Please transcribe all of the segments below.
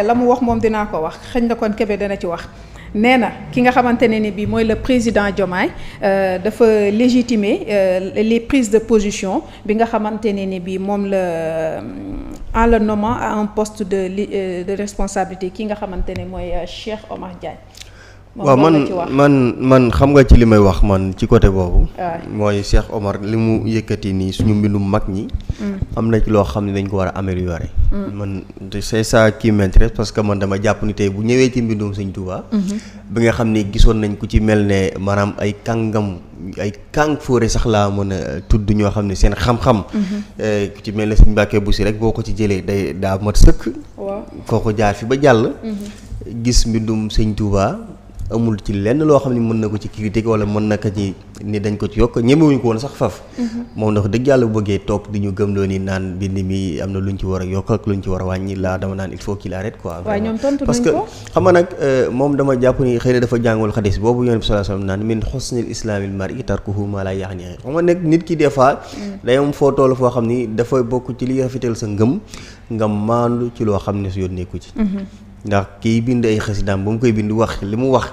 la mu wax moom dinaa ko wax xëñ na kon Kébé dana ci wax nee na ki nga xamante ne ni bii mooy le président Diomaye euh, dafa légitimer euh, les prises de position bi nga xamante ne ni bii moom la euh, en le nommant à un poste de de responsabilité ki nga xamante ne mooy Cheikh Omar Diagne waaw man man man xam nga ci li may wax man ci côté boobu mooy Cheikh Omar li mu yëkkati nii suñu mbindum mag ñi mm. am na ci loo xam ne dañ ko war a améliorer mm. man c'est ça qui m'intéresse parce que man dama jàpp ni bu ñëwee ci mbindum Sëñ Tuubaa mm-hmm. bi nga xam ne gisoon nañ ku ci mel ne maanaam ay kàngam ay kàng sax laa mën a tudd ñoo xam ne seen xam-xam mm-hmm. eh, ku ci mel ne Sëñ bu Buso rek boo ko ci jëlee day daa mat sëkk ko jaar fi ba jàll mm-hmm. gis mbindum Sëñ Tuubaa amul ci lenn loo xam ne mën na ko ci critique wala mën na ko ci ni dañ ko ci yokk ñemewuñu ko sax faf mhm. moom ndax dëgg yàlla bu bëggee toog di ñu gëm loo ni naan bind mi am na luñ ci war a yokk ak luñ ci war a wàññi laa dama naan il faut qu'il arrête quoi parce que xam nga nag euh, moom dama jàpp ni xëy na dafa jàngul xadis boobu yoon bi sallallahu alayhi wasallam naan min xusnil islaamil nit ki des fois mm. day am foo toll foo xam ni dafa bokk ci li rafetal sa ngëm nga maandu ci loo xam ne su yoon nekku ci mhm. ndax kiy bind ay xasidaam ba mu koy bind wax li mu wax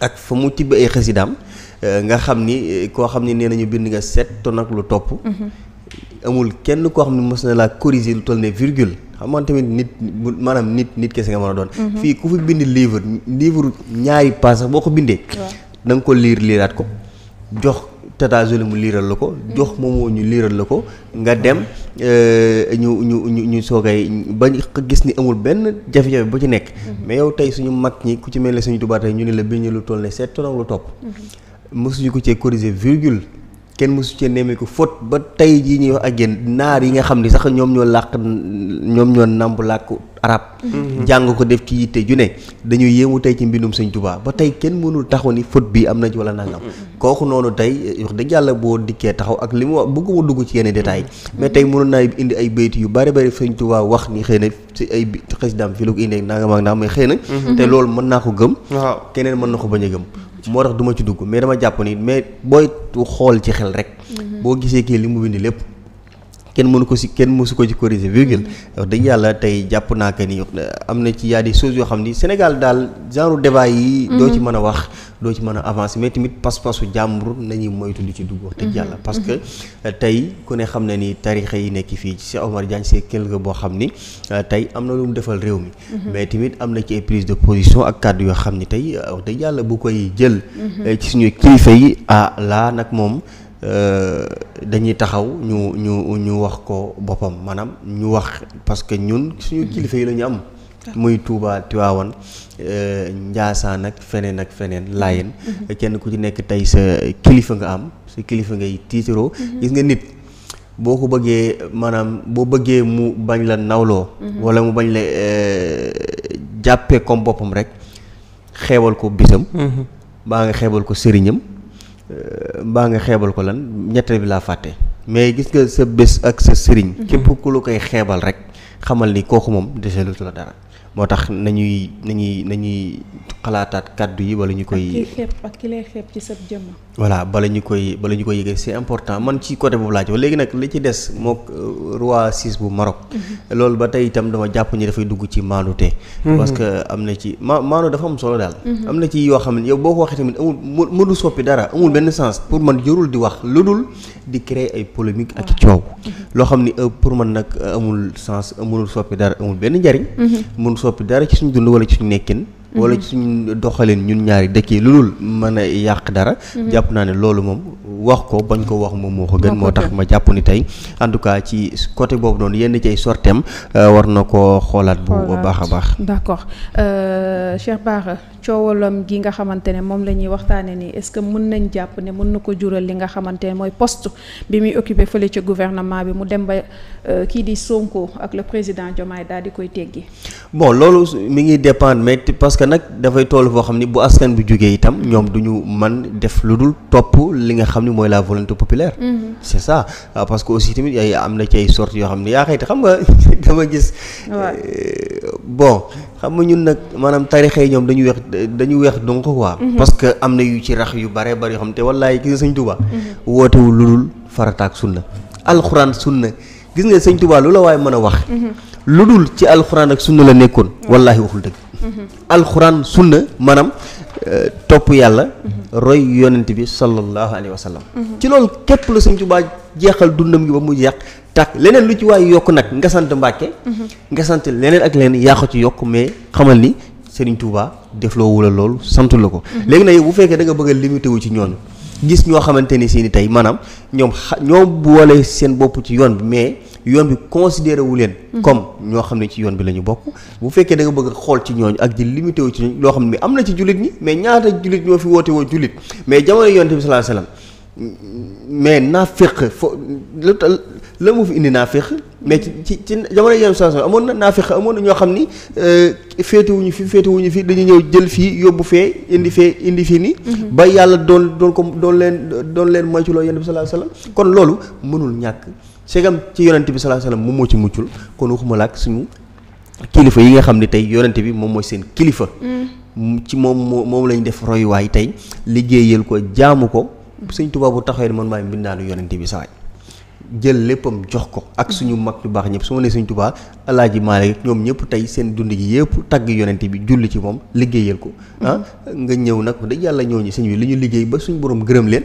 ak fa mu tibb ay xasidaam euh, nga xam ni euh, koo xam ni nee nañu bind nga sept tonnes ak lu topp amul kenn koo xam ne mos na laa corriger lu toll ne virgule xam nga tamit nit maanaam nit nit kese nga mën a doon mhm. fii ku fi bind livre livre ñaari page boo ko bindee da ko liir liiraat ko jox Tata Zoli mu liiral la ko jox moom moomoo ñu liiral la ko nga dem euh, ñu ñu ñu ñu soogay ba gis ni amul benn jafe-jafe bu ci nekk mhm. mais yow tey suñu mag ñi ku ci mel ne suñu Tuubaa tey ñu ne la bind lu toll ne sept tonnes lu topp mhm. mosuñu ko cee corriger virgule kenn mosu cee nemmee ko faute ba tey jii ñuy wax ak yéen naar yi nga xam ni sax ñoom ñoo làkk ñoom ñoo namb làkk arab mm-hmm. jàng ko def ci yitte ju ne dañuy yéemu tey ci mbindum sëñ Tuubaa ba tey kenn mënul taxaw ni faute bi am na ci wala nangam mm-hmm. kooku noonu tey wax dëgg yàlla boo dikkee taxaw ak li mu wax bëgguma dugg ci yenn détails mm-hmm. mais tey mënoon naa indi ay baytu yu bari bari sëñ Tuubaa wax ni xëy na si ay xës daam fi la ko indee nangam ak nangam mais xëy na te loolu mën naa ko gëm keneen mën na ko bañ a gëm moo tax duma ci dugg mais dama jàpp ni mais booy xool ci xel rek. Mm-hmm. boo gisee kii li mu bind lépp. kenn mënu ko si kenn mësu ko ci corriger virgule wax dëgg yàlla tey jàpp naa que ni am na ci yaa des choses yoo xam ni Sénégal daal genre débat yi mhm. doo ci mën a wax doo ci mën a avancer mais tamit pas-pasu jàmbur nañuy moytu lu ci dugg wax dëgg mhm. parce mhm. que euh, tey ku ne xam na ni tarixa yi nekk fii ci Cheikh Omar Diagne c'est quelqu'un boo xam ni euh, tey am na lu mu defal réew mi mais tamit am na ci ay prise de position ak kàddu yoo xam ni tey euh, wax dëgg yàlla bu koy jël ci suñu kilifa yi ah laa nag moom Euh, dañuy taxaw ñu ñu ñu wax ko boppam maanaam ñu wax parce que ñun suñu kilifa yi la ñu am. muy Touba Tiwaawan euh, Njaasaan ak feneen ak feneen Laayeen. Mhm. kenn ku ci nekk tey sa kilifa nga am sa kilifa ngay tiitiroo. Mhm. gis nga nit boo ko bëggee maanaam boo bëggee mu bañ la nawloo. Mhm. wala mu bañ la euh, jàppee comme boppam rek xeebal ko bisam. baa nga xeebal ko sëriñam. Euh, mbaa nga xeebal ko lan ñetteel bi laa fàtte mais gis nga sa bés ak sa sëriñ mhm. képp ku lu koy xeebal rek xamal ni kooku moom deselutu la dara moo tax nañuy nañuy nañuy xalaataat kàddu yi wala ñu koy. ak xeeb ak ci sa voilà bala ñu koy bala ñu koy yëgee c'est important man ci côté boobu laa jox léegi nag li ci des mook euh, roi six bu Maroc. Mhm. loolu ba tey itam dama jàpp ni dafay dugg ci maanute. Mhm. parce que am na ci ma maanu dafa am solo daal. Mhm. am na ci yoo xam ne yow boo ko waxee tamit amul mu mënul soppi dara amul benn sens pour man jërul di wax lu dul di créer ay polémique ak coow. loo xam ni euh, pour man nag euh, amul sens amul soppi dara amul benn njariñ. soppi dara ci suñu dund wala ci suñu nekkin. wala ci suñu doxalin ñun ñaari dëkk yi loolu mën a yàq dara. Mhm. jàpp naa ne loolu moom wax ko bañ ko wax moom moo ko gën. moo tax ma jàpp ni tey en tout cas ci côté boobu noonu yenn ci ay sortem euh, war na ko xoolaat bu baax a baax. coowalam gi nga xamante ne moom la ñuy waxtaane nii est-ce que mën nañ jàpp ne mën na ko jural li nga xamante ne mooy poste bi muy occupé fële ci gouvernement bi mu dem ba euh, kii di Sonko ak le président Diomaye daal di koy teggi bon loolu mi ngi dépendre mais parce que nag dafay toll foo xam ni bu askan bi jógee itam ñoom du ñu man def lu dul topp li nga xam ni mooy la volonté populaire mm-hmm. c'est ça ah, parce aussi tamit yi am na ci ay sorte yoo xam ne yaa xayti xam nga dama gis euh, bon xam nga ñun nag maanaam tarixa yi ñoom dañuy wax dañu weex donc quoi. Mhm. parce que am na yu ci rax yu bare bari yoo xam te wallaay gis nga sëñ Tuubaa mhm. wootewul lulul farataak sunna alxuraan sunna gis nga sëñ Tuubaa lu la waaye mën a wax mhm. lu dul ci alxuraan ak sunna la nekkoon wallaahi waxul dëgg alxuraan sunna maanaam euh, topp yàlla roy yonent bi sallallahu alayhi wa sallam ci loolu képp la sëñ Tuubaa jeexal dundam gi ba mu jeex tàkk leneen lu ci waay yokk nag nga sant Mbàkke nga sant leneen ak leneen yaa ko ci yokk Serigne Touba defloowu la loolu santu la ko. Mhm. léegi nag bu fekkee da nga bëgg a limité wu ci ñooñu gis ñoo xamante ni si ni tey maanaam ñoom xa ñoom boole seen bopp ci yoon bi mais yoon bi considéré wu leen. Mhm. comme ñoo xam ne ci yoon bi la ñu bokk. bu fekkee danga nga bëgg xool ci ñooñu ak di limité wu ci ñooñu loo xam ne am na ci jullit ñi mais ñaata jullit ñoo fi woote woo jullit mais jamono yonent bi sallallahu mais naa fekk fo la mu fi indi naafeq mais ci ci jamono yenn saa amoon na naafeq amoon na ñoo xam ni euh, féetewuñu fi féetewuñu fi dañu ñëw jël fii yóbbu fee indi fee indi fii nii. Mhm. ba yàlla doon doon ko doon leen doon leen moytuloo yonent bi sallallahu alayhi wasallam kon loolu mënul ñàkk segam ci yonent bi sallallahu alayhi wasallam moom moo ci muccul kon waxuma la ak kilifa yi nga xam ne tey yonent bi moom mooy seen kilifa. Mm. Mm, ci moom moo moom lañ def royuwaay tey liggéeyal ko jaamu ko. Sëñ Tuubaa bu taxawee man maay mbindaanu yonent bi sawaay jël léppam jox ko ak suñu mag ñu baax ñëpp su ma nee suñ tubaa alaaji Maalik ñoom ñëpp tey seen dund gi yëpp tagg yonent bi julli ci moom liggéeyal ko ah nga ñëw nag wax dëgg yàlla ñooñu sëñ bi li ñu liggéey ba suñu borom gërëm leen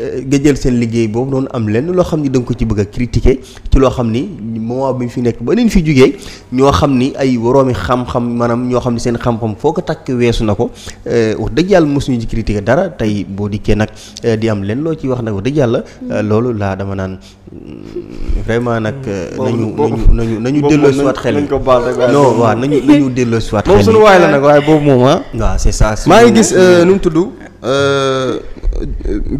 eh, nga jël liggéey boobu doon am lenn loo xam ni da ko ci bëgg a critiquer ci loo xam ni moment bi ñu fi nekk ba nañ fi jugee ñoo xam ni ay woroomi xam maanaam ñoo xam ni seen xam foo ko takk weesu na ko eh, wax dëgg yàlla mosuñu ci critiquer dara tey boo dikkee nag eh, di am leen loo ci wax nag wax dëgg yàlla loolu laa dama naan Mm, vraiment nag. Euh, mm. nañu nañu nañu delloo si waat xel yi ko baal rek non waaw nañu nañu delloo si xel yi moom suñu waay la nag waaye boobu moom ah. waaw c'est ça. maa ngi gis euh, nu mu tudd euh,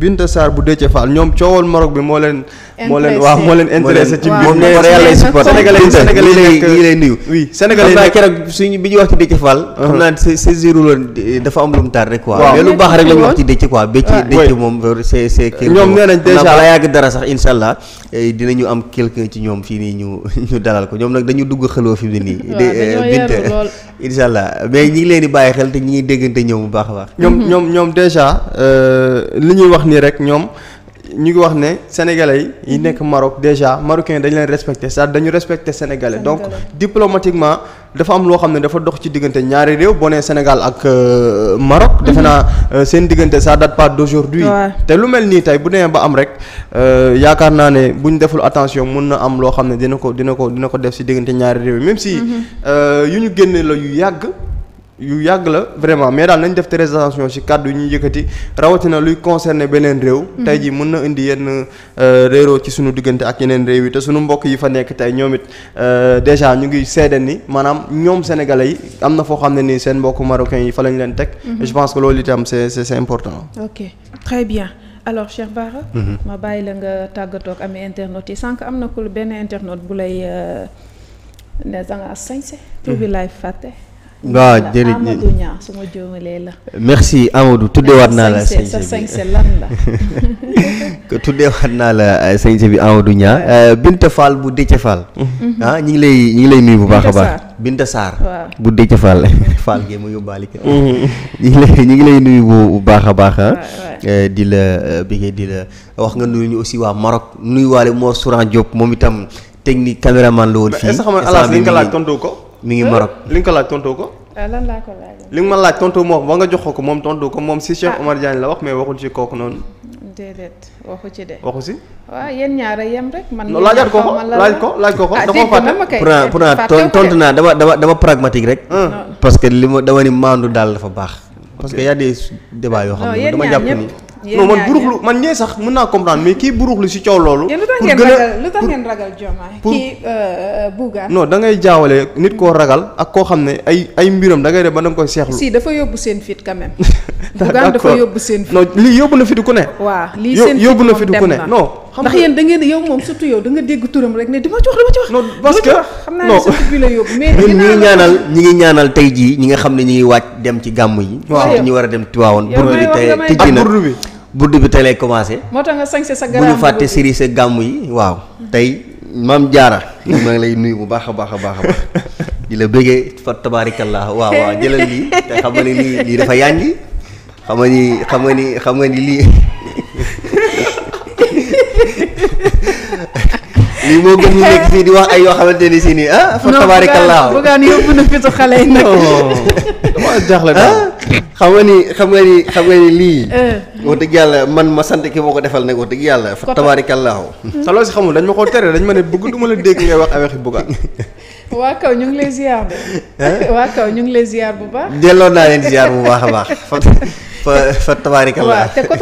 Binta Sarr bu Déthié Fall ñoom coowal Maroc bi moo leen. moo leen waaw moo leen intéressé ci mbir mi yàlla supporté sénégalais sénégalais yi lay nuyu oui sénégalais yi keroog suñu bi ñuy wax ci Déthié Fall xam uh-huh. naa saisir loon eh, dafa am lu rek tardé quoi lu baax rek la ñu wax ci Déthié ah, moom euh, c'est c'est ñoom nee yàgg dara sax insha allah eh, dinañu am quelqu'un ci ñoom fii nii ñu ñu dalal ko ñoom nag dañu dugg xeloo fi mu ne nii bint insha allah mais ñi ngi leen di bàyyi xel te ñi ngi déggante ñëw bu baax a ñoom mm-hmm. ñoom ñoom déjà euh, li ñuy wax nii rek ñoom ñu ngi wax ne sénégalais yi mhm. nekk Maroc déjà marocain dañu leen respecté cest dañu respecté sénégalais donc diplomatiquement dafa am loo xam ne dafa dox ci diggante ñaari réew boo nee Sénégal ak euh, Maroc mhm. defe naa euh, seen diggante ça date pas d'aujourd'hui te lu mel nii tey bu demee ba am rek euh, yaakaar naa ne bu ñu deful attention mun na am loo xam ne dina ko dina ko dina ko def si diggante ñaari réew yi même si mhm. yu ñu génne la yu yàgg yu yàgg la vraiment mais daal nañ def très attention ci kàddu yu ñuy yëkkati rawatina luy concerné beneen réew. Mhm. tey jii mën na indi yenn euh, réeroo ci sunu diggante ak yeneen réew yi te sunu mbokk yi fa nekk tey ñoom it euh, déjà ñu ngi seede ni maanaam ñoom sénégalais yi am na foo xam ne nii seen mbokku marocains yi fa lañ leen teg. Mhm. je pense que loolu itam c'est c'est important. ok très bien. alors Cheikh Bara mhm. ma bàyyi la nga tàggatoo ak amee internautes yi sànq am na waaw jërëjëf ah, merci Amadou tuddeewaat naa la. sa sañse lan la. naa la eh, sañse bi Amadou ñaa eh, Binta Fall bu Déthié Fall. Mhm. ah ñu ngi lay ñu ngi lay nuyu bu baax a baax. Binta Sarr bu Déthié Fall. Fall gee mu mhm. ñu ngi lay nuyu bu baax a baax ah. eh, di la bëggee di la wax nga nuyu ñu aussi waa Maroc nuyuwaale moo Souran Diop moom itam technique caméraman la woon. fii ko. mi ngi Maroc. Eh, li nga ko laaj tontoo ko. Euh, lan laa ko li nga ma laaj tontoo moo wax ba nga jox ko ko moom tontu ko moom si Cheikh ah. Omar Diagne la wax mais waxul ci kooku noonu. déedéet waxu ci de. waxu si. waaw yéen ñaar a yem rek. man laajaat ko ko laaj ko laaj ko ko. Ah, da koo fàtte pourtant tontu naa dama dama dama pragmatique rek. Ah. parce que li ma dama ni maandu daal dafa baax. parce que y a yoo xam ne dama jàpp ni non man buruxlu man ñee sax mën naa comprendre mais kii buruxlu si coow loolu. pour gën a lu tax ngeen ragal Diomaye kii euh, euh, Bougane non da ngay jaawale nit koo ragal ak koo xam ne ay ay mbiram da ngay def ba da koy seexlu. si dafa yóbbu seen fit quand même. Bougane dafa yóbbu seen fit. non lii yóbbu na fitu ku ne. waa lii seen fit yóbbu na fitu ne non xam nga ndax yéen da ngeen yow moom surtout yow da dégg turam rek ne dama ci wax dama ci wax. non parce que xam naa ne surtout bi la yóbbu. mais ñun ñi ñaanal ñi ngi ñaanal tey jii ñi nga xam ne ñu ngi wàcc dem ci gàmm yi. waaw surtout a dem Tiwaawoon. yow burdu bi tey tijji na burdu bi tey commencé. moo tax nga bu ñu fàtte siri sa yi waaw tey maam jaara maa lay nuyu bu baax a baax a baax di la bëgge fa tabaarikallah waaw waaw jëlal lii te xam nga ni lii dafa yànji xam nga ni xam nga ni xam nga ni lii fii moo gën ñu nekk fii di wax ay yoo xamante ni si nii ah. fa tabaarikallaa bugaan yóbbu na fitu xale yi nag. dama jaaxle daal ah, xam nga ni xam nga ni xam nga lii. Eh. wax dëgg yàlla man ma sant ki moo ko defal ne wax dëgg yàlla. fa tabaarikallaa. te loo si xamul dañ ma ko tere dañ ma ne bëgg du ma la dégg ngay wax ay waxi bugaan. waa kaw ñu ngi lay ziar de. Eh? waa kaw ñu ngi lay ziar bu baax. delloo naa leen ziar bu baax a baax fa fa tabaarikallaa.